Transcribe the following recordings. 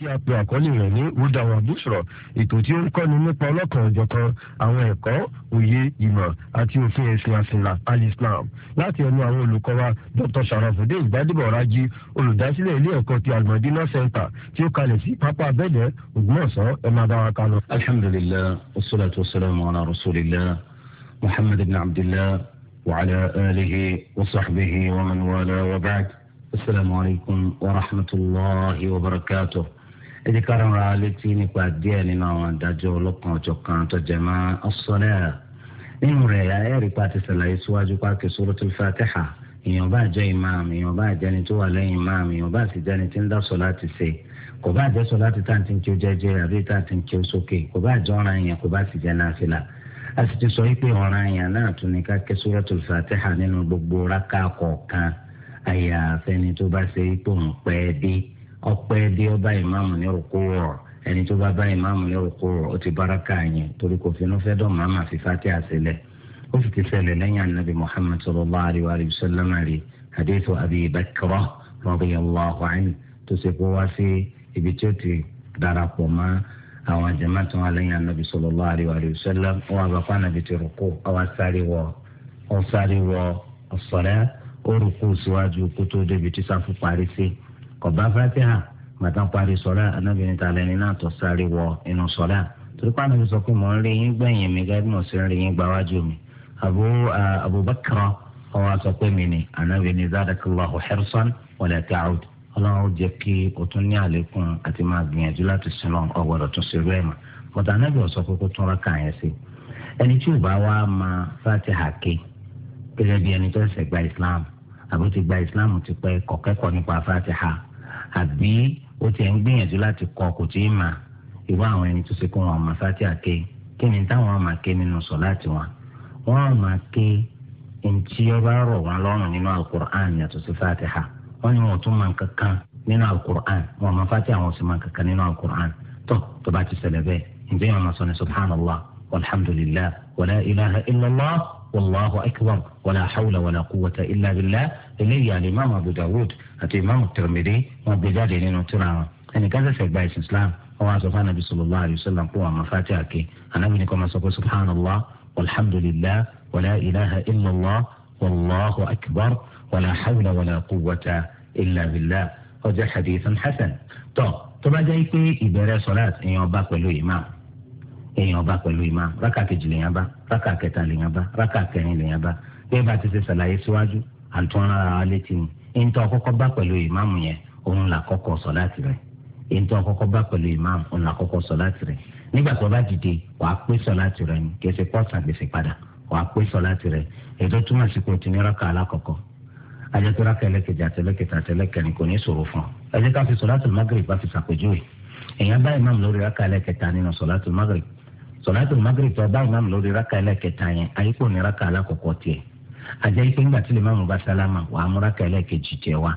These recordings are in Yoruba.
tí a pè àkọlé rẹ̀ ní rudawa bushra ètò tí ó ń kọ́ni nípa ọlọ́kan ọ̀jọ̀kan àwọn ẹ̀kọ́ òye ìmọ̀ àti òfin ẹ̀sìn àsìnlá alislam láti ẹnu àwọn olùkọ́ wa dr sharafudin gbadebo raji olùdásílẹ̀ ilé ẹ̀kọ́ ti almadina center tí ó kalẹ̀ sí pápá abẹ́dẹ̀ ògbómọ̀ṣọ́ ẹ̀ máa bá wa kálọ. alhamdulillah wasalaatu wasalaamu ala rasulillah muhammad ibn abdillah wa ala alihi wa sahbihi wa man wa ba'd. السلام عليكم ورحمة الله وبركاته ẹjẹ ká rán ara létí nípa díẹ̀ nínú àwọn adájọ́ ọlọ́kan ọ̀jọ̀kan tó jẹ mọ́ ọ̀sọ́rẹ́ nínú rẹ̀ ẹ̀rí pa ti sàlàyé síwájú pákí Suratul Fatiha èèyàn bá jẹ́ imam èèyàn bá jẹ́ni tó wà lẹ́yìn imam èèyàn bá sì jẹ́ni tí ń dá sọ láti ṣe kò bá jẹ́ sọ láti tá à ń ti ń kí ó jẹ́jẹ́ àbí tá à ń ti ń kí ó sókè kò bá jẹ́ ọ̀ràn yẹn kò bá sì jẹ́ náfìlà a sì ti sọ wípé ọ̀ràn yẹn náà tún ní ká ké Suratul Fatiha nínú gbogbo rákà kọ̀ọ̀kan àyàfẹ́ni tó bá ṣe ipò ń pẹ́ bíi ọpẹ́ bí ó bá ìmáàmù ní rúkú rọ̀ ẹni tó bá bá ìmáàmù ní rúkú rọ̀ ó ti báraka yẹn torí kò finú fẹ́ dọ̀ màmá fi fatiha sílẹ̀ ó sì ti ṣẹlẹ̀ lẹ́yìn anabi muhammad sallallahu alayhi wa sallam rí hadithu abi bakra radiyallahu anhu tó ṣe kó wá sí ibi tí ó ti darapọ̀ mọ́ àwọn jama tó wà lẹ́yìn anabi sallallahu alayhi wa sallam ó wà bàbá anabi ti rúkú ó wà sáré wọ ó rúkú síwájú kótó débi tí sáfù parí sí kọba fatiha gbàtà parí sọlá anabi níta lẹni náà tó sáré wọ inú sọlá torí pàánù mi sọ pé mò ń rí yín gbẹ̀yìn mi gẹ́gẹ́ bí mo ṣe ń rí yín gbáwájú mi abu abubakar ọwọ́ sọ pé mi ni anabi ni zadakallahu hirsan wala ta'ud ọlọ́run jẹ́ kí o tún ní àlékún àti máa gbìyànjú láti sin lọ́n ọgbọ́dọ̀ tún ṣe bẹ́ẹ̀ mọ́ bọ́tà anabi ọ̀sọ́ kókó tún ra kàn yẹn sí ẹni tí ò bá wá máa fatiha ké gẹ́gẹ́ bí ẹni tó ṣẹ̀ gba islam àbí gba islam ti pẹ́ kọ̀kẹ́kọ̀ọ́ nípa fatiha àbí ó ti ń gbìyànjú láti kọ kò tí ì mà irú àwọn ẹni tó ṣe kó wọn ọmọ sátì àké kí ni táwọn máa ké nínú sọ̀láàtì wọn wọn máa ké ntí ọba rọ̀ wọn lọ́rùn nínú alukur'an yàtọ̀ sí fatiha wọn ni wọn tún máa kankan nínú alukur'an wọn máa fatiha wọn sì máa kankan nínú alukur'an tó tó bá ti ṣẹlẹ̀ bẹ́ẹ̀ ǹjẹ́ yẹn wọn máa sọ ní subhanallah walhamdulillah wàlá ilaha illallah. والله أكبر ولا حول ولا قوة إلا بالله إلي الإمام أبو داود أتى الإمام الترمذي وبجاد لأنه ترى يعني أن كذا في بايس الإسلام هو سبحان النبي صلى الله عليه وسلم قوة مفاتيحك أنا منكم سبحان الله والحمد لله ولا إله إلا الله والله أكبر ولا حول ولا قوة إلا بالله هذا حديث حسن طب طب جايكي إبارة صلاة إن يوباك كل إمام èèyàn bá pẹ̀lú imam rákà kejì lèèyàn bá rákà kẹta lèèyàn bá rákà kẹrin lèèyàn bá bẹ́ẹ̀ bá ti ṣe ṣàlàyé síwájú àtún ara wa létí ni ntọ́ kọ́kọ́ bá pẹ̀lú imam yẹn òun là kọ́kọ́ sọ láti rẹ̀ ntọ́ kọ́kọ́ bá pẹ̀lú imam òun là kọ́kọ́ sọ láti rẹ̀ nígbà tó bá dìde wàá pé sọ láti rẹ̀ ni kẹsẹ̀ pọ́ sàgbèsè padà wàá pé sọ láti rẹ̀ ètò túmọ̀ sí kò tún rákà alákọ̀ọ́kọ́ ajẹ́tọ́ rákà ẹlẹ́kẹ̀jẹ̀ àtẹlẹ́kẹ̀tà àtẹlẹ́kẹ̀rin kò ní sòro fún ọ ẹ ká fi sọ láti magrib bá fi sàpèjúwe èèyàn bá imam lórí rákà ẹlẹ́kẹ̀ta nínú sọ láti magrib sọ̀láàtì magreth tó bá ìmáàmù lórí rákà ẹlẹ́kẹta yẹn àyíkò ní rákà alákọ̀ọ́kọ́ tiẹ̀ àjẹ́ yìí pé ńgbà tí lè máàmù bá sálámà wàá mú rákà ẹlẹ́kẹjì tiẹ̀ wá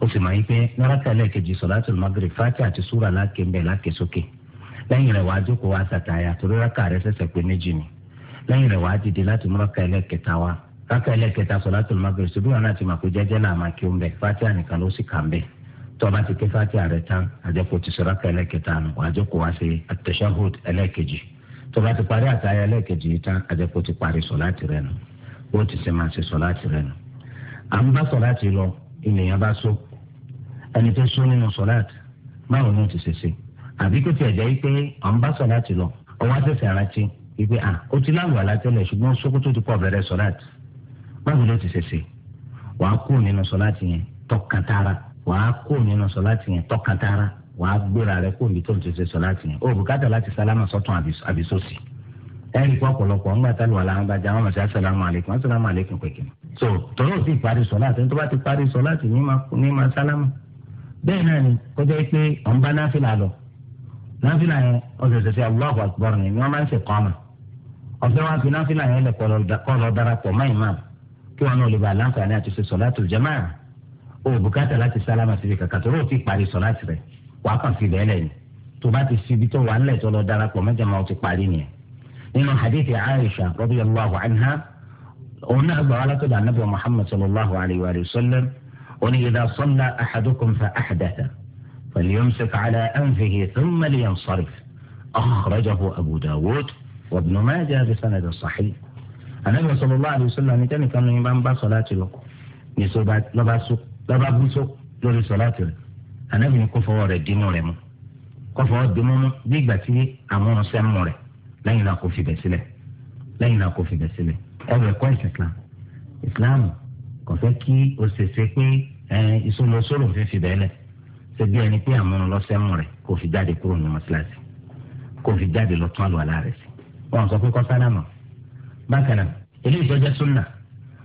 ó sì máa yí pé ní rákà ẹlẹ́kẹjì sọ̀láàtì magreth fati àti súrà láàkè ńbẹ̀ láàkè sókè lẹ́yìn rẹ̀ wàá jókòó wá sàtáyà torí rákà rẹ̀ ṣẹ̀ṣẹ̀ pé méjì ni lẹ́yìn rẹ̀ wàá dìde láti mú rákà ẹlẹ́kẹta wá rákà ẹlẹ́kẹta sọ̀láàtì magreth ṣùgbọ́n wọn náà ti mà pé ti ké fati àrẹ̀ tán àjẹkù ti sọ̀rọ̀ rákà nù wàá wá sí àtẹ̀ṣáhùd ẹlẹ́kẹjì tó bá ti parí àtàyà lẹ́ẹ̀kejì yìí tán àjẹpọ̀ ti parí sọ̀láàtì rẹ̀ nù ó ti ṣe máa ṣe sọ̀láàtì rẹ̀ nù. à ń bá sọ̀láàtì lọ ènìyàn bá so ẹni tó so nínú sọ̀láàtì báwo ni ó ti ṣe ṣe àbí kò tiẹ̀ jẹ́ pé à ń bá sọ̀láàtì lọ ọwọ́ àtẹ̀sẹ̀ rántí wípé à ó ti láwùú alátẹ́lẹ̀ ṣùgbọ́n sókótó ti pọ̀ bẹ̀rẹ̀ sọ̀láàtì wàá gbéra rẹ kó omi tó ń ti ṣe sọ láti yẹn o bùkátà láti sálámà sọ́tún àbísòsì ẹnì kan ọ̀pọ̀lọpọ̀ ńgbà tá ló wà láwọn bàjẹ́ àwọn mọ̀sí asàlámù alẹ́kùn asàlámù alẹ́kùn pẹ̀kìn. so tọ́lọ́ ti parí sọ láti tó bá ti parí sọ láti ní ma sálámù bẹ́ẹ̀ náà ni kọjá pé ọ̀n bá náfìlà lọ náfìlà yẹn ọ̀sẹ̀sẹ̀ sí Allahu Akbar ni wọ́n máa ń ṣe kọ́ ọ̀mà ọ̀fẹ́ wa fi náfìlà yẹn lẹ̀ kọ́lọ̀ darapọ̀ mọ́ ìmáàmù kí wọn náà lè ba àlàǹfààní àti ṣe sọ̀láàtù jàmáà o bùkátà láti sálámà síbi kàkà tó rò ti parí sọ̀láàtì rẹ̀ wàá kàn fi bẹ́ẹ̀ lẹ́yìn tó bá ti fi ibi tó wà nílẹ̀ tó lọ darapọ̀ mẹ́jọ máa ti parí nìyẹn nínú hadithi aisha radiyallahu anha òun náà gbà wá látọ̀dọ̀ anabi muhammad sallallahu alayhi wa sallam òun idha salla ahadukum fa ahdatha falyumsik ala anfihi thumma liyansarif akhrajahu abu dawud wa ibn majah bi sanad sahih anabi sallallahu alayhi wa sallam ní tẹnikan ní bá ń bá sọlá ti lọ ní sọ bú sọ lórí sọlá ti rẹ anabi ni kó fọwọ́ rẹ̀ dínú rẹ̀ mu kó fọwọ́ dínú mu bí ìgbà tí àwọn ọsẹ mú rẹ̀ lẹ́yìn náà kò fi bẹ̀ sílẹ̀ lẹ́yìn náà kò fi bẹ̀ sílẹ̀ ẹ̀rọ ẹ̀kọ́ islam islam kò fẹ́ kí o ṣèṣe pé ìsọlọsọlọ fi fi bẹ́ẹ̀ lẹ̀ ṣe bí ẹni pé àwọn ọlọ́sẹ̀ mú rẹ̀ kò fi jáde kúrò ní mọ́ṣáláṣí kò fi jáde lọ tún àlùwàlá rẹ̀ sí wọn sọ pé kó sálámà bákan náà eléyìí tó jẹ́ súnà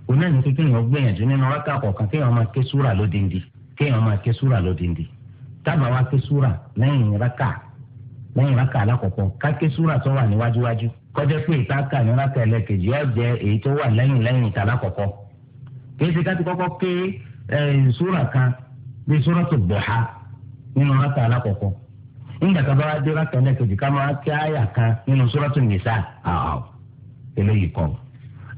òun kékeré yẹn gbìyànjú nínú wákàtí kọ̀ọ̀kan kéèyàn máa ké súrà lódindi kéèyàn máa ké súrà lódindi táàmù wa ké súra lẹ́yìn raka lẹ́yìn raka alákọ̀ọ́kọ́ ká tó wà níwájúwájú kọjá pé ìtaka ní raka ẹlẹ́kejì yóò jẹ èyí tó wà lẹ́yìn lẹ́yìn tàlákọ̀ọ́kọ́ kìí ṣe káti kọ́kọ́ ké súra kan bí súra tó duha nínú raka alákọ̀ọ́kọ́ nígbà tó bá wá dé raka ẹlẹ́kejì ká máa ké àyà kan nínú súra tó nìsa àwọn eléyìí kọ́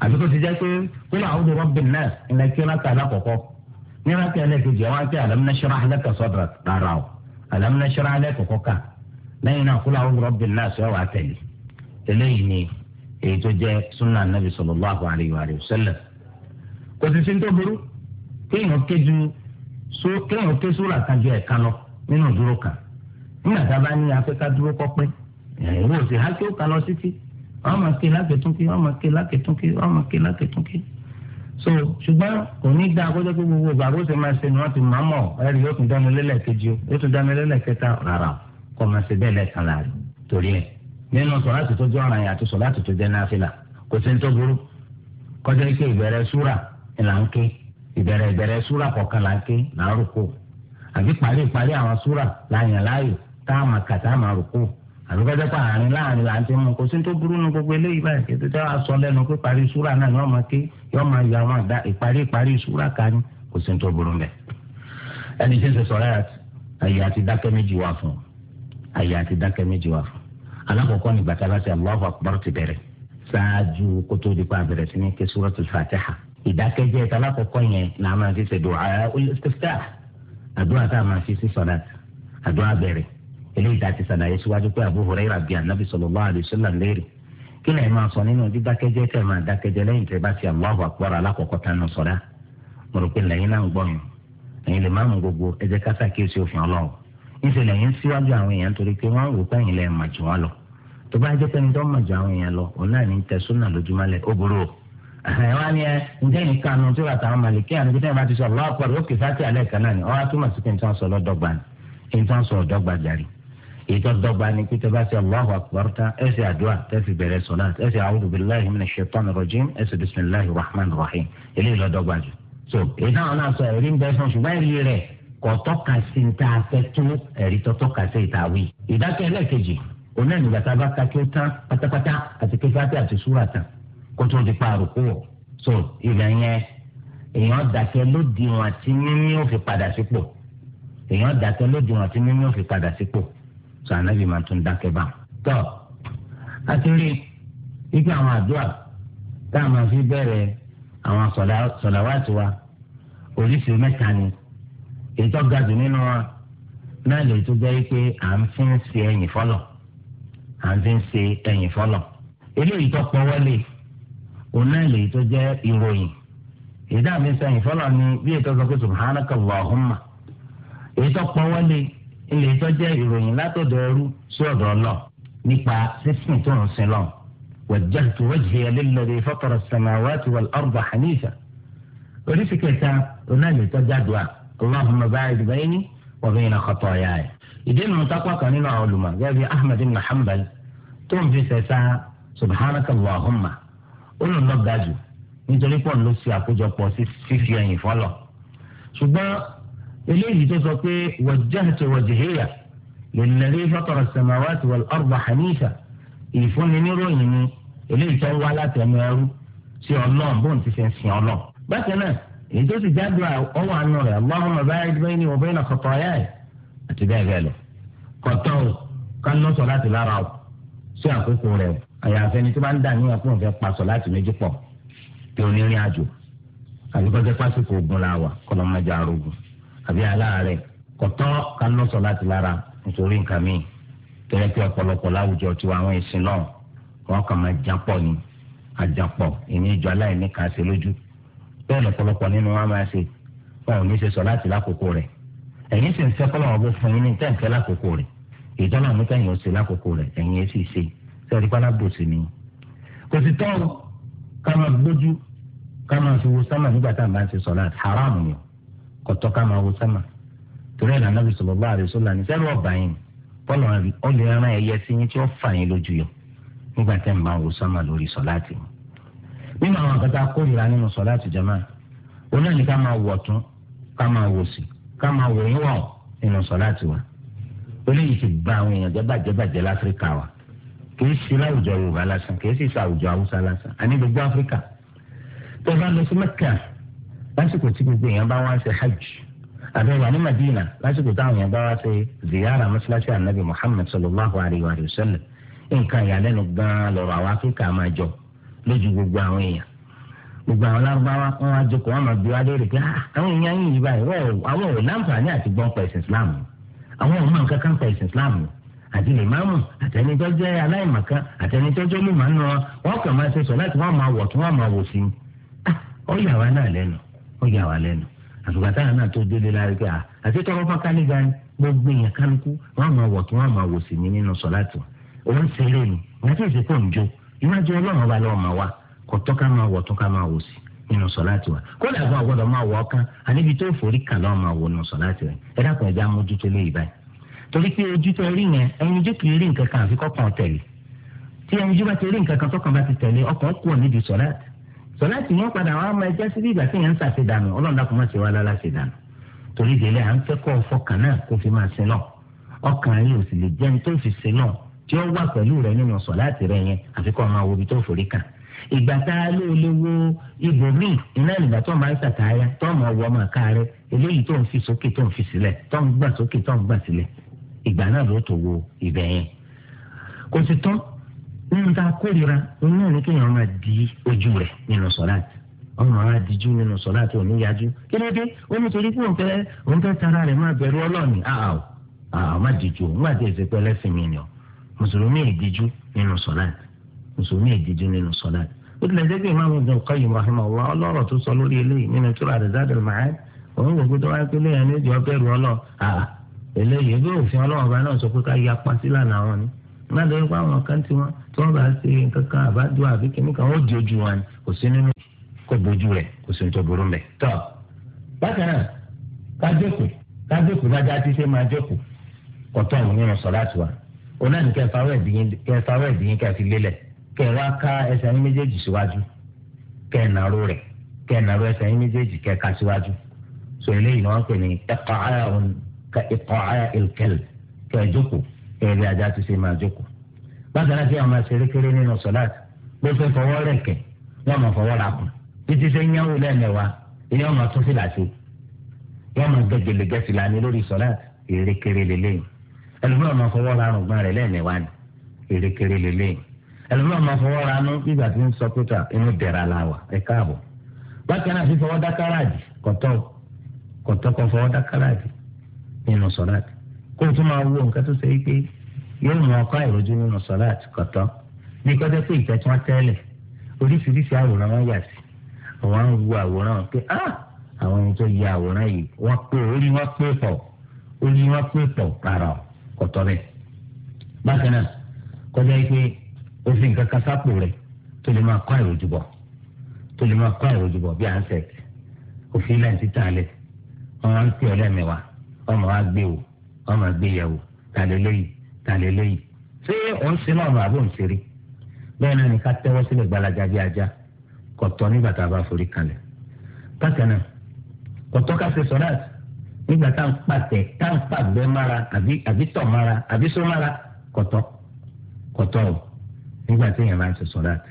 àti kó ti jẹ́ pé kó làwọn ọdún rọ́bìn náà ìlẹ̀kí raka nígbà tí ẹlẹ́kejì wọn kí alam nashrah laka sadrak rárá o alam nashrah laka kọ́ka lẹ́yìn náà kúlọ̀ àwọn rọ́bì náà sọ wà tẹ̀lé eléyìí ni èyí tó jẹ́ sunnah nabi sallallahu alayhi wa sallam kò sì sí ní tó burú kéèyàn kéjú kéèyàn ké sóra kan ju ẹ̀ka lọ nínú dúró kan nígbà tá a bá ní afẹ́ká dúró kọ́ pé ìwọ òsì hákẹ́ ó kan sí ti wọ́n máa ké lákẹ́túnkí wọ́n máa ké lákẹ́túnkí wọ́n so ṣùgbọ́n kò ní dáa kó jẹ́ pé gbogbo ìgbà bó ṣe máa ṣe ni wọ́n ti máa mọ̀ ẹ̀rí yóò tún dánu lélẹ̀ kejì o yóò tún dánu lélẹ̀ kẹta rárá kó máa ṣe bẹ́ẹ̀ lẹ́ẹ̀kan láàrin torí ẹ̀ nínú sọ̀láàtì tó jẹ́ ọ̀ràn yẹn àti sọ̀láàtì tó jẹ́ náfìlà kò sí ní tó burú kọjá ike ìbẹ̀rẹ̀ súrà là ń ké ìbẹ̀rẹ̀ ìbẹ̀rẹ̀ súrà kọ̀ọ̀kan là ń ké là àbí parí parí àwọn súrà láàyàn láàyò táàmà kàtàmà rúkú àbí kọjá pé àárín láàrin là ń ti mú kó sí tó burú nu gbogbo eléyìí báyìí kí títí wàá sọ lẹ́nu pé parí súrà náà yọọ máa ké yọọ máa yọ àwọn àdá ìparí ìparí súrà ká ní kó sí tó burú mbẹ. ẹni tí ń sọ sọ̀rọ̀ àyè àti dákẹ́ méjì wà fún àyè àti dákẹ́ méjì wà fún alákọ̀ọ́kọ́ ní bàtà láti Allahu Akbar ti bẹ̀rẹ̀ ṣáájú kó tó di pa àbẹ̀rẹ̀ sí ní eléyìí dáa ti sàlàyé síwájú pé Abu Huraira bíi anabi sallallahu alaihi wasallam léèrè kí lè máa sọ nínú dídákẹ́jẹ́ tẹ̀ máa dákẹ́jẹ́ lẹ́yìn tẹ̀ bá ti Allahu akbar alákọ̀ọ́kọ́ tánú sọ̀rá mo rò pé lẹ́yìn náà ń gbọ́ yẹn ẹ̀yin lè má mú gbogbo ẹ̀jẹ̀ kásá kí o ṣe òfin ọlọ́run níṣẹ́ lẹ́yìn síwájú àwọn èèyàn torí pé wọ́n rò pé lẹ́yìn mà jù lọ tó bá jẹ́ pẹ́ni ní ètò dọ́gba ni pété bá ṣe allahu akbar tán ẹ ṣe àdúrà tẹ́ fi bẹ̀rẹ̀ sọlá ẹ ṣe a'udhu billahi minash shaitanir rajim ẹ ṣe bisimilahi rahman rahim eléyìí lọ dọ́gba jù. so ètò àwọn náà sọ ẹ̀rí ń bẹ fún ṣùgbọ́n ẹ̀rí rẹ̀ kò tọ́ka sí ní tá a fẹ́ tó ẹ̀rí tó tọ́ka sí ìta wí. ìdákẹ́ ẹlẹ́kejì oní ẹ̀nìgbàtà bá ka kí ó tán pátápátá àti kéfàtì àti súrà tán kó tó di paarò kó wọ̀ so ìlẹ̀ yẹn èèyàn dákẹ́ lódiwọ̀n àti mímí ò fi padà sípò èèyàn dákẹ́ lódiwọ̀n àti mímí ò fi padà sípò sọ ànábì máa tún dákẹ́ bá tọ́ a ti rí ipe àwọn àdúrà tá a máa fi bẹ̀rẹ̀ àwọn sọ̀làwátì wa oríṣi mẹ́ta ni ètò gàdù nínú wa náà lè tó jẹ́ pé à ń fi ń ṣe ẹ̀yìn fọ́lọ̀ à ń fi ń ṣe ẹ̀yìn fọ́lọ̀ eléyìí tó pọ̀ wọlé òun náà lè tó jẹ́ ìròyìn ìdá mi sẹ́yìn fọ́lọ̀ ni bí ètò sọ pé subhanaka Allahumma ètò pọ̀ wọlé ilé ìtọ́jẹ́ ìròyìn látọ̀dọ̀ ẹrú sí ọ̀dọ̀ ọlọ́ nípa sísìn tó ń sin lọ. wajjahtu wajhiya lilladhi fatara as-samawati wal-arda hanifa. oríṣi kẹta onáìlè tọ́jà dùà allahumma ba'id bayni wa bayna khataayaya. ìdí nu takwa kan nínú àwọn olùmọ̀ gẹ́gẹ́ bí ahmed ibn hanbal tó ń fi sẹ̀sà subhanaka allahumma olùlọ́gàjù nítorí pọ̀ ló ṣe àkójọpọ̀ sí fífi ẹ̀yìn fọ́lọ̀ ṣùgbọ́n eléyìí tó sọ pé wajjahtu wajhiya lilladhi fatara as-samawati wal-arda hanifa ìfúnni níròyìn ni eléyìí tó wá látẹnu ẹrú sí ọlọ́run bóun ti fẹ́ sin ọlọ́run. bákan náà èyí tó ti jáde ọwọ́ àánú rẹ̀ Allahumma ba'id bayni wa bayna khataayaya àti bẹ́ẹ̀ bẹ́ẹ̀ lọ. kọ̀tọ́ o ká ná sọ láti lára o sí àkókò rẹ̀ àyàfẹ́ ni tó bá ń dà ní ọ̀pọ̀ òfin pa láti méjì pọ̀ tí onírin àjò àbíkọ́jẹ́ pásítọ̀ ogun la wà kọ́lọ́mọdé arógun àbí aláàárẹ̀ kọ̀tọ́ ká lọ sọ láti lára nítorí nǹkan míì tẹ́lẹ̀ pé ọ̀pọ̀lọpọ̀ láwùjọ tí àwọn ìsìn náà wọ́n kàn máa jápọ̀ ni àjàpọ̀ ìní ìjọ aláìní kà á ṣe lójú bẹ́ẹ̀ lọ́pọ̀lọpọ̀ nínú wọn máa ṣe wọn ò ní ṣe sọ láti lákòókò rẹ̀ ẹ̀yin sì ń fẹ́ kọ́lọ́ ọ̀bọ fún yín ní tẹ́ǹfẹ́ lákòókò rẹ̀ ìjọba àwọn tẹ̀yìn ò ṣe lákòókò rẹ̀ ẹ̀yin sì ṣe sẹ́ẹ̀rí pálábòsì ni. kò sì tọ́ ká máa gbójú ká máa fi wo sámà nígbà tá à ń bá ń ṣe sọ̀lá haram ni kọ̀tọ́ ká máa wo sẹ́mà torí ẹ̀ lànà bí sọ̀rọ̀ bá àdìsọ́là ní sẹ́rù ọ̀bà yìí bọ́ọ̀lù ọ̀lẹ́ ẹran ẹ̀yẹ sí yín tí ó fà yín lójú yọ nígbà tẹ́ ń bá wo sẹ́mà lórí sọ̀láàtì yìí. nínú àwọn àgbàtà kórìíra nínú sọ̀láàtì jama oná ní ká máa wọ̀ tún ká máa wò sí ká máa wò yín wọ̀ nínú sọ̀láàtì wa eléyìí ti gba àwọn èèyàn jẹ́bàjẹ́bàjẹ́ láfíríkà wa kì í sí láwùjọ Yorùbá lásán kì í sì Haúsá lásán àní gbogbo Áfíríkà tó bá lọ sí Mẹ́kà lásìkò tí gbogbo èèyàn bá wá ṣe hajj àbẹ wà ní madina lásìkò táwọn èèyàn bá wá ṣe ziyara mọ́ṣáláṣí anabi muhammad sallallahu alayhi wa sallam nǹkan ìyàlẹ́nu gan-an lọ́rọ̀ àwọn akẹ́kọ̀ọ́ máa jọ lójú gbogbo àwọn èèyàn gbogbo àwọn lárúbáwá wọn á jókòó wọn máa bí wá léèrè pé ah, àwọn èèyàn yìí yìí báyìí àwọn ò láǹfààní àti gbọ́n pa ẹ̀sìn islam àwọn ò mọ̀ nǹkan kan pa ẹ̀sìn islam àti lèmáàmù àtẹnitọ́ jẹ́ aláìmọ̀kan àtẹnitọ́ jẹ́ lùmọ̀ọ́nù wọn kàn máa ṣe sọ láti wọn máa wọ̀ kí wọn máa wò sí i ah, ó yà wá náà lẹ́nu ó yà wá lẹ́nu àtùgbà táwọn náà tó délé lára pé àti tọrọ bá kálí gan gbogbo èèyàn kálukú wọn máa wọ kí wọn máa wò sí mi nínú sọláàtì òun ṣeré ni wọn ti ṣe pé òun jó iwájú Ọlọ́run ọba lọọ máa wá kò tọ́ máa wọ tó máa wò sí nínú sọláàtì wa kódà fún àgbọdọ máa wọ ọkàn àníbi tó forí kà lọọ máa wò nínú sọláàtì rẹ ẹ dákun ẹ já mójútó lé ìbá yìí torí pé ojú tẹ rí yẹn ẹyin ojú kì í rí nǹkan kan àfi kọkàn tẹlẹ tí ẹyin ojú bá ti rí nǹkan kan tọkàn bá ti tẹlẹ ọkàn kù níbi sọláàtì sọláàtì yẹn padà wọn á máa jẹ́ síbi ìgbà tí yẹn ń ṣàṣedànù ọlọ́run dàkú má ṣe wá lára ṣèdànù torí délé à ń fẹ́ kọ́ ọ̀fọ́kàn náà kó fi máa sin náà ọkàn yìí ò sì lè jẹ́ ní tó fi sin náà tí ó wà pẹ̀lú rẹ nínú sọláàtì rẹ yẹn àfi máa wo ibi tó forí kàn ìgbà tá a lé olè wo ibòmíì iná ìgbà tó máa ń ṣàtàyà tó máa wọ ọmọ àkàrẹ eléyìí tó ń fi sókè tó ń fi sílẹ̀ tó ń gbà sókè tó ń gbà sílẹ̀ ìgbà náà ló tó wo ibẹ̀ yẹn kò sì tán nínú tá a kórìíra òun náà ní kéèyàn máa di ojú rẹ̀ nínú sọláàtì ọmọ ara díjú nínú sọláàtì òní yájú kí ló dé ó ní torí pé òun fẹ́ òun fẹ́ tara rẹ̀ máa bẹ̀rù ọlọ́ọ̀ni àhàó àhàó má díjú òun gbàdé ìsèpẹ lẹsìn mi nìyọ mùsùlùmí ìdíjú nínú sọláàtì mùsùlùmí ìdíjú nínú sọláàtì ó tilẹ̀ jẹ́ pé ìmáàmù Ibn Qayyim rahimahullah ọlọ́rọ̀ tó sọ lórí eléyìí nínú tírà rẹ̀ Zadul Ma'ad òun gbogbo tó wáyé pé lẹ́yìn ẹni ìjọ bẹ̀rù ọlọ́ọ̀ àhà eléyìí bí òfin ọlọ́wọ́ má lọ yípa àwọn kan tí wọn tí wọn bá ṣe nǹkan kan àbájọ àbí kíní kan ó di ojú wọn ni kò sí nínú kò bójú rẹ kò sí nítorí burú mẹ. tọ bákan náà kájọkù kájọkù dájá tí ṣe máa jọkù kọtọ ọhún nínú sọlá tiwa òun náà ní kẹfàwọ ẹdìyín kẹfì lélẹ̀ kẹwàá ká ẹsẹ̀ ní méjèèjì síwájú kẹnàró rẹ kẹnàró ẹsẹ̀ ní méjèèjì kẹka síwájú sọ eléyìí ni wọn pè ní ẹkọ ààrùn ẹkọ ààrùn kẹlẹ kẹjọkù kẹrẹ ajá ti ṣe máa jókòó bákan náà kí àwọn máa ṣeré kéré nínú sọláàtì ló fẹ́ fọwọ́ rẹ̀ kẹ̀ wọ́n máa fọwọ́ ra kù títí ṣe ń yánwó lẹ́ẹ̀mẹ́wàá ilé wọn máa tún fìlà ṣe wọ́n máa gẹ́gẹ́lẹ́ gẹ́sì lánàá lórí sọláàtì eré kéré lélẹ́yìn ẹlòmíràn máa fọwọ́ ra àrùn gbọ́n rẹ̀ lẹ́ẹ̀mẹ́wàá ni eré kéré lélẹ́yìn ẹlòmíràn máa fọwọ́ ra nú kó o tún máa wo nǹkan tó ṣe é pé yóò mú ọkọ àìrọ́jú nínú sọ́lá àti kọ̀tọ́ bí kọ́jọ́ pé ìtẹ́ tí wọ́n tẹ́lẹ̀ oríṣiríṣi àwòrán wọn yà sí àwọn ń wo àwòrán pé ah! àwọn ẹni tó ya àwòrán yìí wọ́n pé orí wọn pé pọ̀ orí wọn pé pọ̀ pààrọ̀ kọ̀tọ́ bẹ́ẹ̀. bákan náà kọjá yìí pé òfin nǹkan kan sápò rẹ̀ tó lè máa kọ́ àìrọ́jú bọ̀ tó lè máa kọ́ àìrọ́jú bọ̀ bí à òfin náà ti tàn lẹ̀ máa ń pè ọ́ lẹ́mẹ̀wá ọmọ wa gbé wò wọn máa gbé yẹ̀wò tàlẹ́ lóyìí tàlẹ́ lóyìí ṣé òun ṣe náà bàbá òun ṣeré bẹ́ẹ̀ náà ni ká tẹ́wọ́ sílẹ̀ gbalaja bí ajá kọ̀tọ́ nígbà tá a bá forí kalẹ̀ bákan náà kọ̀tọ́ ká ṣe sọ́láàtì nígbà tá à ń pàtẹ tá à ń pàgbẹ́ mára àbí àbí tọ̀ mára àbí só mára kọ̀tọ́ kọ̀tọ́ o nígbà tí èèyàn bá ń ṣe sọ́láàtì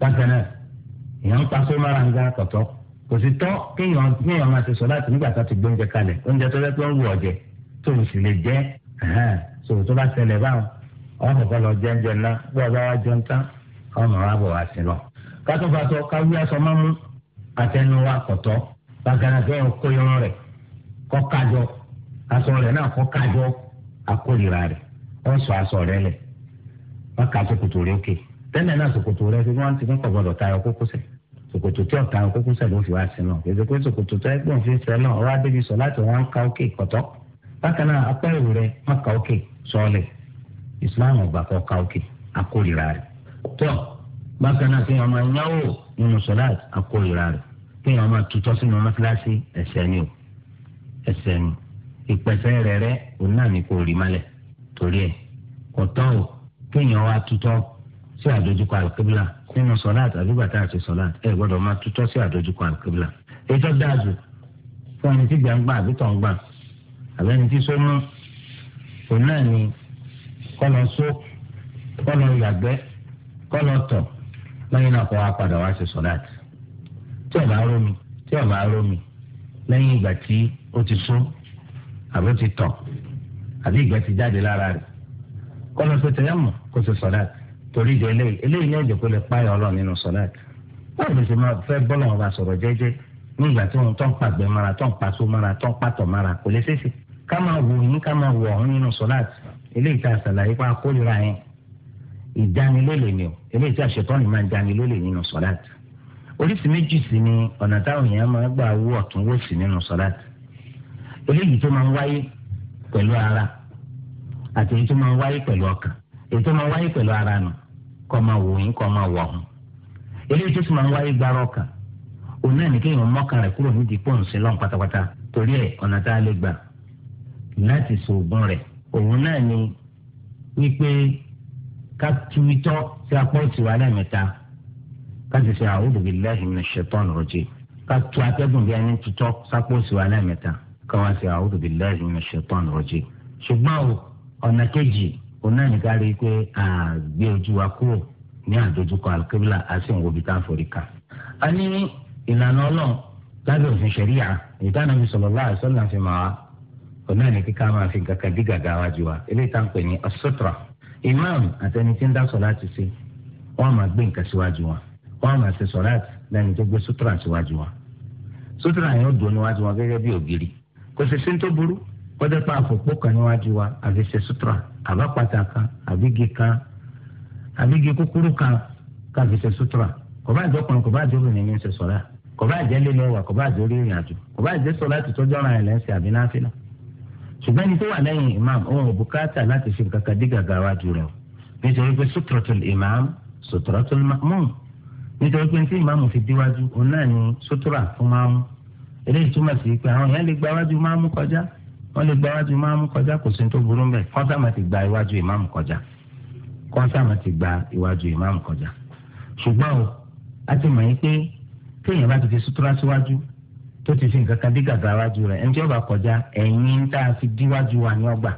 bákan náà èèyàn ń pa só mára ń gá kọ̀tọ́ kò sì tọ́ kéèyàn kéèyàn máa ṣe sọ́láàtì nígbà tá a ti gbóúnjẹ kalẹ̀ oúnjẹ tó fẹ́ tó ń wù ọ̀jẹ̀ tó o sì lè jẹ́ sòwò tó bá ṣẹlẹ̀ báwọn ọmọ kan lọ jẹ́ńjẹ́ ńlá bí ọba wa jẹun tán ọmọ wa bọ̀ wá sí lọ. kátọ́fàtọ́ káwí aṣọ máa mú àtẹnuwa kọ̀tọ́ bàgàrà fẹ́ràn kó irun rẹ̀ kọ́ kájọ aṣọ rẹ̀ náà kọ́ kájọ akórira rẹ̀ wọ́n sọ aṣọ rẹ̀ lẹ̀ wọ́n ka ṣòkòtò rẹ̀ òkè tẹ́lẹ̀ náà ṣòkòtò rẹ̀ fi wọ́n ti fún kọ̀gbọ́dọ̀ tayọ kókósẹ̀ ṣòkòtò tí ọ̀tayọ kókósẹ̀ ló fi wá sí náà èdè pé ṣòkòtò tó ẹgbẹ́ òfin sẹ́ náà ọwọ́ adébísọ̀ láti wọ́n ká òkè kọ̀tọ́ bákan náà apá ẹ̀rù rẹ má ka òkè sọ́ọ̀lẹ̀ ìsìláàmù ọgbà kọ́ ka òkè akórira rẹ̀ tó bákan náà kéèyàn máa nínú sọ́láàt akórira rẹ̀ kéèyàn máa tutọ́ sínú mọ́tíláṣí ni o ẹ̀sẹ̀ ni ìpẹ̀sẹ̀ rẹ̀ rẹ̀ òun náà ní kò rí malẹ̀ torí ẹ̀ kò tọ́ o kéèyàn wá tutọ́ sí àdójúkọ àlùkébílà nínú sọ́láàt àdúgbàtà àti sọ́láàt ẹ̀ gbọ́dọ̀ máa tutọ́ sí àbẹ́ni tí sọ́mọ́ òun náà ni kọ́lọ́ só kọ́lọ́ yàgbẹ́ kọ́lọ́ tọ̀ lẹ́yìn náà kọ́ wa padà wá ṣe sọ́láàtì tí ọ̀bá rómi tí ọ̀bá rómi lẹ́yìn ìgbà tí ó ti só àbí ó ti tọ̀ àbí ìgbà ti jáde lára rẹ̀ kọ́lọ́ sọ tẹ̀yẹ́ mọ̀ kó ṣe sọ́láàtì torí ìjọ eléyìí eléyìí náà jẹ́ kó lè páyọ̀ ọlọ́ nínú sọ́láàtì báwo ló ṣe máa fẹ́ bọ́lọ̀ ọba sọ̀rọ̀ jẹ́jẹ́ ní tí òun tó ń pàgbẹ́ mara tó ń pa mara tó ń pàtọ̀ mara kò lè ṣeéṣe Kama máa wò yín ká máa wò ọ̀hún nínú sọ́láàt eléyìí tá a ṣàlàyé pa kórìíra yẹn ìdánilólè ni o eléyìí tí àṣetọ́ ni máa ń dánilólè nínú sọ́láàt oríṣi méjì sí ni ọ̀nà táwọn èèyàn máa gbà wú ọ̀tún wò sí nínú sọ́láàt eléyìí tó máa ń wáyé pẹ̀lú ara àti èyí tó máa ń wáyé pẹ̀lú ọkàn èyí tó máa ń wáyé pẹ̀lú ara nù kọ́ máa wò yín kọ́ máa wọ̀ ọ̀hún eléyìí tó sì máa ń wáyé gbára ọkàn òun náà ní kéèyàn mọ́kàn kúrò nídìí pọ́ùn sí pátápátá torí ẹ̀ ọ̀nà tá lè gbà láti ṣoògùn rẹ̀ òun náà ni wípé ká tu itọ́ sí apá òsì wa lẹ́ẹ̀mẹ́ta ká sì ṣe a'udhu billahi minash shaitani rajim ká tu atẹ́gùn bí ẹni tutọ́ sápá òsì wa lẹ́ẹ̀mẹ́ta ká wá ṣe a'udhu billahi minash shaitani rajim ṣùgbọ́n o ọ̀nà kejì òun náà ní ká rí i pé àgbẹ̀ ojú wa kúrò ní àdójúkọ alkebla àti òǹwòbí tá a forí ka. a ní ìlànà ọlọ́run lábẹ́ òfin ṣẹ̀ríyà ìdáná mi sallallahu alaihi wasallam fi máa ọ̀nà ní kíkà máa fi gàkà dí gàgà wájú wa eléyìí tá à ń pè ní as-sutra imam àtẹni tí ń dá sọláàtì sí wọn máa gbé nǹkan síwájú wa wọn máa ṣe sọláàtì lẹ́ni tó gbé sutra síwájú wa sutra yẹn ó dùn níwájú wa gẹ́gẹ́ bí ògiri kò sì sí tó burú kọjá pa àfòpó kan níwájú wa àfi ṣe sutra àbápàtà kan àbígi kan àbígi kúkúrú kan káfi ṣe sutra kò bá jọ kan kò bá jọ obìnrin ní ṣe sọlá kò bá jẹ lílọ wà kò bá jọ orí ìrìn àjò kò bá jẹ sọlá ti tọjọ ara ẹ lẹ́sìn àbí ṣùgbọ́n ẹni tó wà lẹ́yìn imam òun ò bùkátà láti fi kankan dí gàgà wájú rẹ̀ nítorí pé sutratul imam sutratul ma'mum nítorí pé tí imam fi díwájú òun náà ni sutura fún máàmù eléyìí túmọ̀ sí pé àwọn èèyàn lè gba wájú máàmù kọjá wọ́n lè gba wájú máàmù kọjá kò sí tó burú mbẹ̀ kọ́sàmà ti gba iwájú imam kọjá kọ́sàmà ti gba iwájú imam kọjá ṣùgbọ́n o a ti mọ̀ yín pé téèyàn bá ti fi sutura síwájú tó ti fi nǹkan kan dí gàgà wájú rẹ̀ ẹni tí ó bá kọjá ẹ̀yìn tá a fi díwájú wa ní ọgbà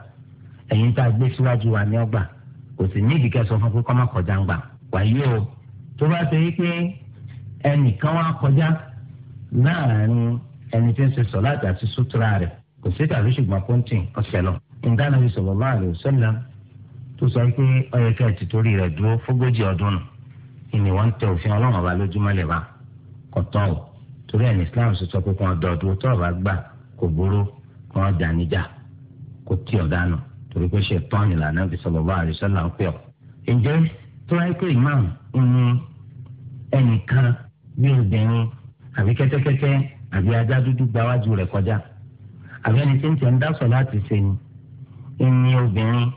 ẹ̀yìn tá a gbé síwájú wa ní ọgbà kò sì ní ìdíkẹ́ sọ fún pé kọ́ má kọjá ń gbà wàyí o tó bá ṣe yí pé ẹnìkan wá kọjá láàrin ẹni tí ń ṣe sọ láti àti sutura rẹ̀ kò sí tàbí ṣùgbọ́n pọ́ńtìn ọ̀sẹ̀ lọ. ǹdánà bí sallallahu alaihi wasallam tó sọ pé ọ̀yẹ̀kẹ́ ẹ̀ ti torí rẹ̀ dúró fógójì ọdún nù ìní tẹ òfin ọlọ́run ọba lójúmọ́ lè bá kọ̀tọ́ o torí ẹni islam sọ pé kí wọn dọdún tó ọba gbà kò burú kí wọn jà níjà kó tí ọ dànù torí pé ṣe tán ìlànà bí sallallahu alaihi wasallam ń pè ọ. ǹjẹ́ tó wáyé pé imam ń ẹnìkan bí obìnrin àbí kẹ́tẹ́kẹ́tẹ́ àbí ajá dúdú gbáwájú rẹ̀ kọjá àbí ẹni tí ń tẹ̀ ń dá sọ láti ṣe ni ìní obìnrin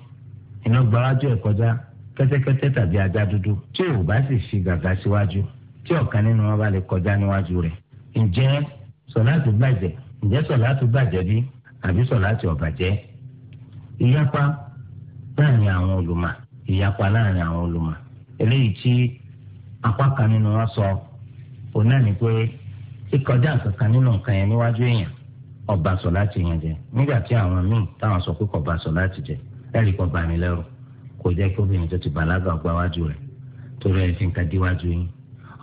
iná gbáwájú ẹ̀ kọjá kẹ́tẹ́kẹ́tẹ́ tàbí ajá dúdú tí ò bá sì fi gàgà síwájú tí ọ̀kan nínú wọn bá lè kọjá níwájú rẹ̀ ǹjẹ́ sọ̀láàtì bàjẹ́ ǹjẹ́ sọ̀láàtì bàjẹ́ bí àbí sọ̀láàtì ò bàjẹ́ ìyapa láàrin àwọn olùmọ̀ ìyapa láàrin àwọn olùmọ̀ eléyìí tí apá kan nínú wọn sọ òun náà ni pé kíkọjá àkàkà nínú nǹkan yẹn níwájú èèyàn ó ba sọ̀láàtì yẹn jẹ́ nígbà tí àwọn míì táwọn sọ pé kò ba sọ̀láàtì jẹ́ ẹ̀rí kò bani lẹ́rù kò jẹ́ kí obìnrin tó ti bàlágà ọgbà wájú rẹ̀ torí ẹ̀ fi nǹkan díwájú yín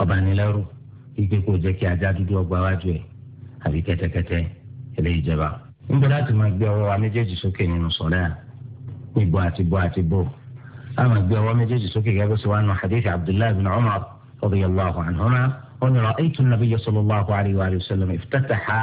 ó ni lẹ́rù ike kò jẹ́ kí ajá dúdú ọgbà wájú ẹ̀ àbí kẹ́tẹ́kẹ́tẹ́ eléyìí jẹba. ń bẹ láti máa gbé ọwọ́ wa méjèèjì sókè nínú sọ̀rẹ́ à níbo àti bó àti bó a máa ati gbé ọwọ́ méjèèjì sókè gẹ́gẹ́ bó si wà nù hadithi abdullahi bin umar radiyallahu anhuma wọn ni ra'aytu nabiyya sallallahu alayhi wa sallam iftataha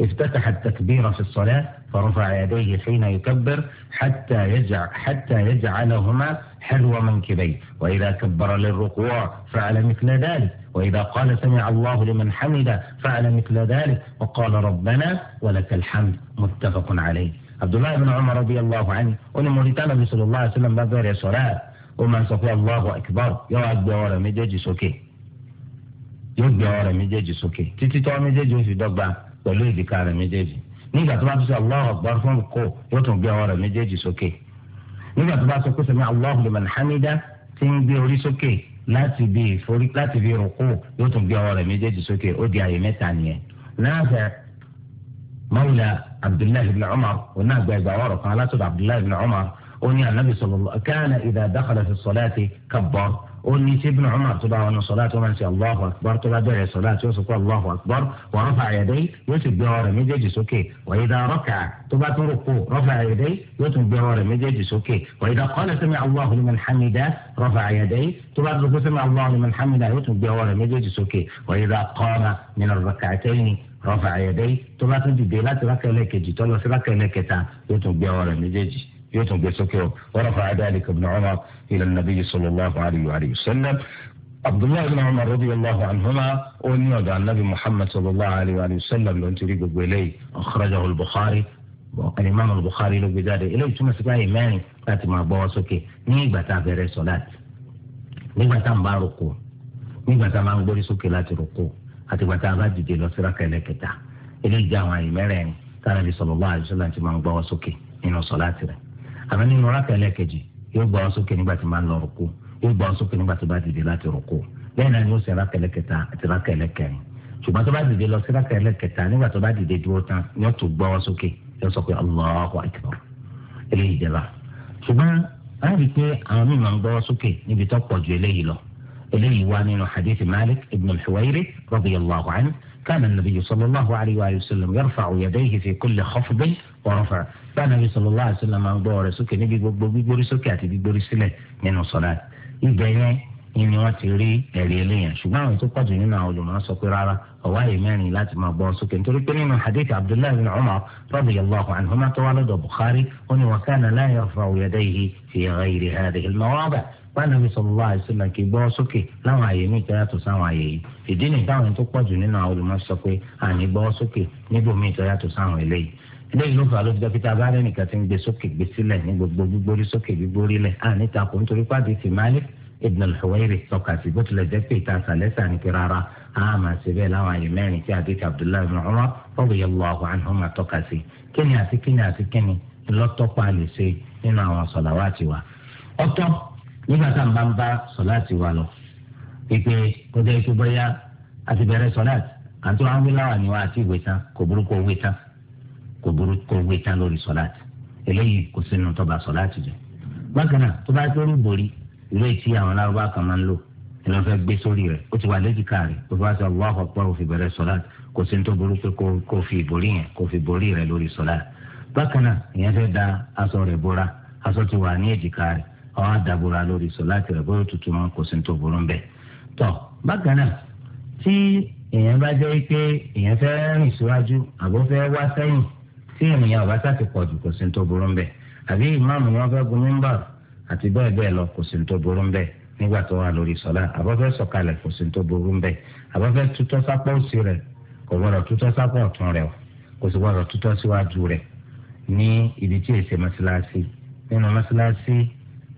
افتتح التكبير في الصلاة فرفع يديه حين يكبر حتى يجعل حتى يجعلهما حلو منكبيه وإذا كبر للركوع فعل مثل ذلك وإذا قال سمع الله لمن حمده فعل مثل ذلك وقال ربنا ولك الحمد متفق عليه عبد الله بن عمر رضي الله عنه أن مريتانا النبي صلى الله عليه وسلم يا صلاة ومن صفى الله أكبر يوعد بأورا مجاج سوكي يوعد بأورا مجيجي سوكي تتي تو مجاج في دبا ولو يدي مجاج نيجا تبعتي الله أكبر فنكو يوتن بأورا مجاج سوكي nígbà tó bá sọ pé sami Allahu liman hamida ti ń gbé orí sókè láti bí forí láti bí rúkú yóò tún gbé ọwọ́ rẹ̀ méjèèjì sókè ó di àyè mẹ́ta nìyẹn Nafi' mawla Abdullahi ibn Umar òun náà gba ẹgbàá ọ̀rọ̀ kan alásọdọ Abdullahi ibn Umar ó ní anabi sallallahu kana idha dakhala fi salati kabbar ó ní ṣé ibn Umar tó bá wọn sọlá tó máa ń ṣe allahu akbar tó bá bẹ̀rẹ̀ sọlá tí ó sọ pé allahu akbar wa rafa'a yadayhi yóò sì gbé ọwọ́ rẹ̀ méjèèjì sókè wa idha raka'a tó bá tún rúkú rafa'a yadayhi yóò tún gbé ọwọ́ rẹ̀ méjèèjì sókè wa idha qala sami'a allahu liman hamidah rafa'a yadayhi tó bá tún rúkú sami'a allahu liman hamidah yóò tún gbé ọwọ́ méjèèjì sókè wa idha qama min ar-rak'atayn rafa'a yadayhi tó bá tún dìde láti rákà ẹlẹ́kejì tó yóò tún gbé ọwọ́ rẹ̀ méjèèjì yóò tún gbé sókè o wọ́n fa adáàlíkà ibn Umar ila nàbí sallallahu alayhi wa sallam abdullahi ibn Umar radiyallahu anhuma ó ní ọ̀dọ̀ anabi muhammad sallallahu alayhi wa sallam ló ń tiri gbogbo eléyìí akhrajahu al-Bukhari al-imam al-Bukhari ló gbé jáde eléyìí túmọ̀ sí báyìí mẹ́rin láti máa gbọ́wọ́ sókè ní ìgbà tá a bẹ̀rẹ̀ sọ̀láàtì nígbà tá a bá rúkú nígbà tá a máa ń gbórí sókè láti rúkú àti gbàtà bá dìde lọ síra kẹlẹ́kẹta eléyìí jẹ́ àwọn àyè mẹ́rẹ̀ẹ̀rin tá a nàbì sallallahu alayhi wa sallam ti máa ń gbọ́wọ́ sókè nínú sọ̀láàtì rẹ̀ àmọ́ nínú rákàlẹ́ kejì yóò gbọ́ sókè nígbà tí máa ń lọ rúkú yóò gbọ́ sókè nígbà tó bá dìde láti rúkú lẹ́yìn náà yóò ṣe rákàlẹ́ kẹta àti rákàlẹ́ kẹrin ṣùgbọ́n tó bá dìde lọ sí rákàlẹ́ kẹta nígbà tó bá dìde dúró tán yóò tún gbọ́ sókè yóò sọ pé Allahu akbar eléyìí jẹba ṣùgbọ́n a rí pé àwọn míì ń gbọ́ sókè níbi tó pọ̀ ju eléyìí lọ النبي صلى الله عليه وسلم يرفع يديه في كل خفض ورفع bánabi sallallahu alaihi wasallam máa ń gbọ́ ọ̀rẹ́ sókè níbi gbogbo gbígbórí sókè àti gbígbórí sílẹ̀ nínú sọlá ibẹ̀ yẹn ni ni wọ́n ti rí ẹ̀rí eléyàn ṣùgbọ́n àwọn tó pọ̀jù nínú àwọn olùmọ̀ sọ pé rárá ọ̀wá yìí mẹ́rin láti máa gbọ́ sókè nítorí pé nínú hadith abdullahi bin umar radiyallahu anhuma tó wà lọ́dọ̀ bukhari ó ní wa kana la yarfa'u yadayhi fi ghayri hadhihi al-mawadi' bánabi sallallahu alaihi wasallam kì í gbọ́ sókè láwọn àyè mi ìtọ́yàtọ̀ sáwọn àyè yìí ìdí nìyí táwọn tó pọ̀jù nínú àwọn olùmọ̀ sọ pé àní lẹ́yìn ló fà ló fi jẹ́ pété abáyé nìkan ti ń gbé sókè gbé sílẹ̀ ní gbogbo gbígbórí sókè gbígbórí lẹ̀ à níta kò nítorí pàdé ti Malik ibn al-Huwayrith sọ̀kà sí bó tilẹ̀ jẹ́ pé ìta sàlẹ́sà ní kí rárá a máa ṣe bẹ́ẹ̀ láwọn àyè mẹ́rin tí adé ti Abdullahi ibn Umar radiyallahu anhuma tọ́ka sí kíni àti kíni àti kíni lọ́tọ́pá lè ṣe nínú àwọn sọ̀làwátì wa ọ̀tọ̀ nígbà tá à ń bá ń bá sọ̀láàtì lọ pípé kó ikú bọ́yá àti bẹ̀rẹ̀ sọ̀láàtì àti wọn wí láwà ni wọn àti ìwé tán kò burúkú owó tán kò burú kó gbé tán lórí sọláàtì eléyìí kò sínú tọba sọláàtì jẹ bákan náà tó bá lórí borí ìlú ètí àwọn lárúbá kan máa ń lò ìlú fẹ́ gbé sórí rẹ̀ ó ti wà léjìká rẹ̀ tó bá sọ wá ọ̀pọ̀ òfin bẹ̀rẹ̀ sọláàtì kò sí tó burú pé kó fi ìborí yẹn kó fi borí rẹ̀ lórí sọláàtì bákan náà ìyẹn fẹ́ da aṣọ rẹ̀ bóra aṣọ ti wà ní èjìká rẹ̀ àwọn àdàbòrà lórí sọláàtì rẹ̀ bóyá tuntun wọn kò sí tó burú ń bẹ̀ tọ́ bákan náà tí èèyàn bá jẹ́ pé èèyàn fẹ́ rìn síwájú àbó fẹ́ wá sẹ́yìn tí ènìyàn ọba sáti pọ̀ jù kò sí tó burú mbẹ̀ àbí ìmáàmù wọn fẹ́ gun mímbà àti bẹ́ẹ̀ bẹ́ẹ̀ lọ kò sí tó burú mbẹ̀ nígbà tó wà lórí sọlá àbọ̀fẹ́ sọ̀kalẹ̀ kò sí tó burú mbẹ̀ àbọ̀fẹ́ tutọ́ sápọ̀ òsì rẹ̀ kò gbọ́dọ̀ tutọ́ sápọ̀ ọ̀tún rẹ̀ kò sì gbọ́dọ̀ tutọ́ síwájú rẹ̀ ní ibi tí èsè mọ́sálásí nínú mọ́sálásí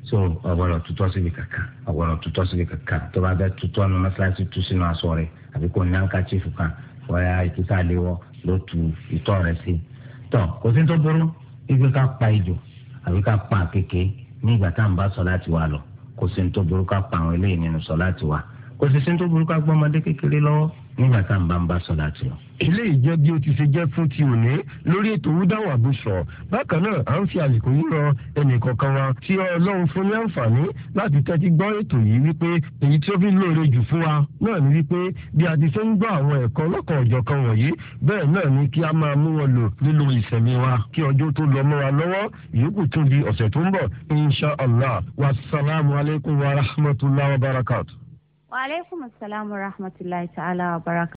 so ọ̀gbọ́dọ̀ tutọ́ síbi kankan ọ̀gbọ́dọ̀ tutọ́ síbi kankan tó bá bẹ́ tutọ́ nínú mọ́sálásí tú sínú aṣọ rẹ̀ àbí kò ní àǹkà chief wọ́n yá ìtúsàlẹ̀ wọ́ ló tu ìtọ́ rẹ̀ sí i tọ kò sí tó burú ibi ká pa ìjò àbí ká pa àkekèé ní ìgbà tá à ń bá sọ̀láàtì wa lọ kò sí tó burú ká pa àwọn eléyìí nínú sọ̀láàtì wa kò sí tó burú ká gbọ́ ọmọdé kékeré lọ́wọ́ nígbà tá à ń bá ń bá sọ láti lọ. eléyìí jẹ́ bí o ti ṣe jẹ́ fún ti òní lórí ètò wúdáwà bó sọ bákan náà à ń fi àlèkò yìí rọ ẹnìkọ̀ọ̀kan wa tí ọlọ́run fún ní àǹfààní láti tẹ́tí gbọ́ ètò yìí wípé èyí tí ó fi lóore jù fún wa náà ni wípé bí a ti ṣe ń gbọ́ àwọn ẹ̀kọ́ ọlọ́kan ọ̀jọ̀kan wọ̀nyí bẹ́ẹ̀ náà ni kí a máa mú wọn lò nínú ìṣẹ̀mí wa kí ọjọ́ tó lọ mọ́ wa lọ́wọ́ ìyókù wa Wa alaikum wa rahmatullahi ta'ala wa baraka.